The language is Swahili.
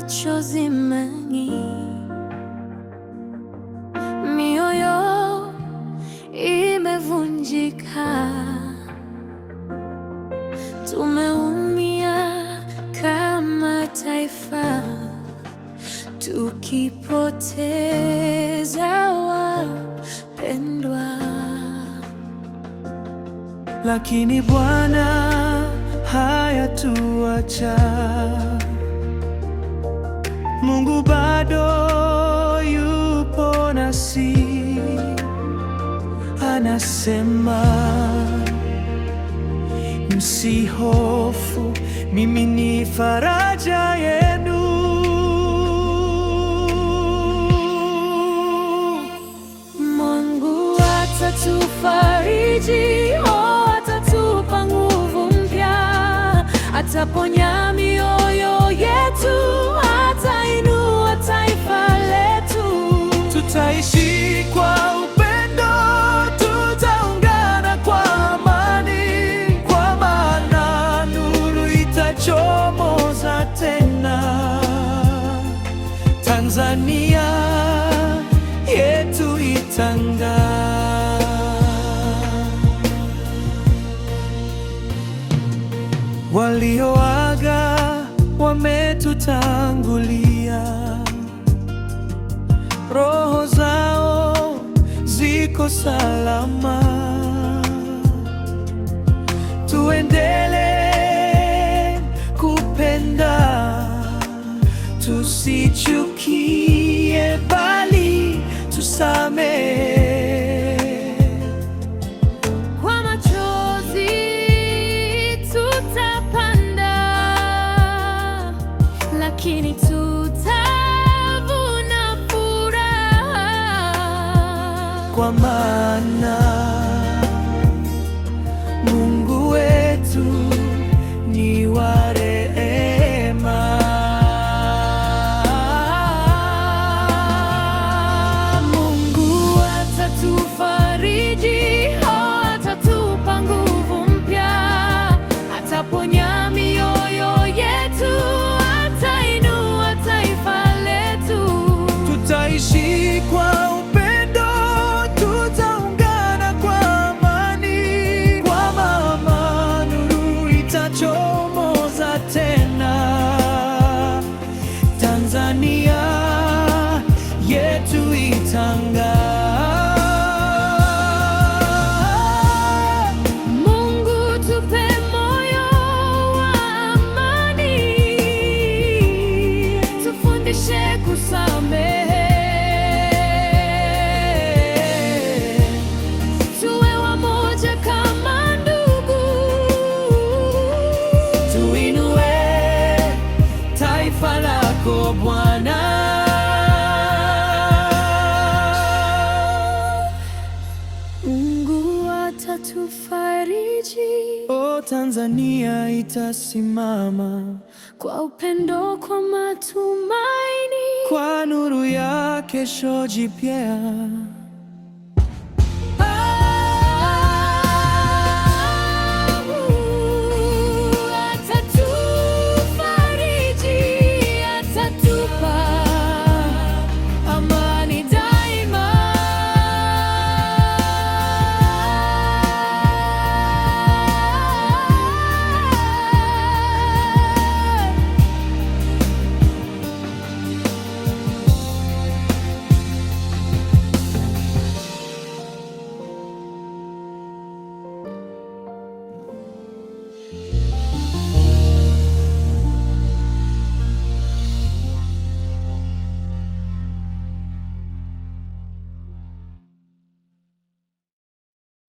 machozi mengi, mioyo imevunjika, tumeumia kama taifa, tukipoteza wapendwa, lakini Bwana hayatuacha anasema msihofu, mimi ni faraja yenu. Mungu atatufariji, oh, atatupa nguvu mpya, ataponya mioyo yetu. waga wametutangulia, roho zao ziko salama, tuendele kupenda, tusichukie bali tusame pamana tufariji. O Tanzania itasimama kwa upendo, kwa matumaini, kwa nuru ya kesho jipya.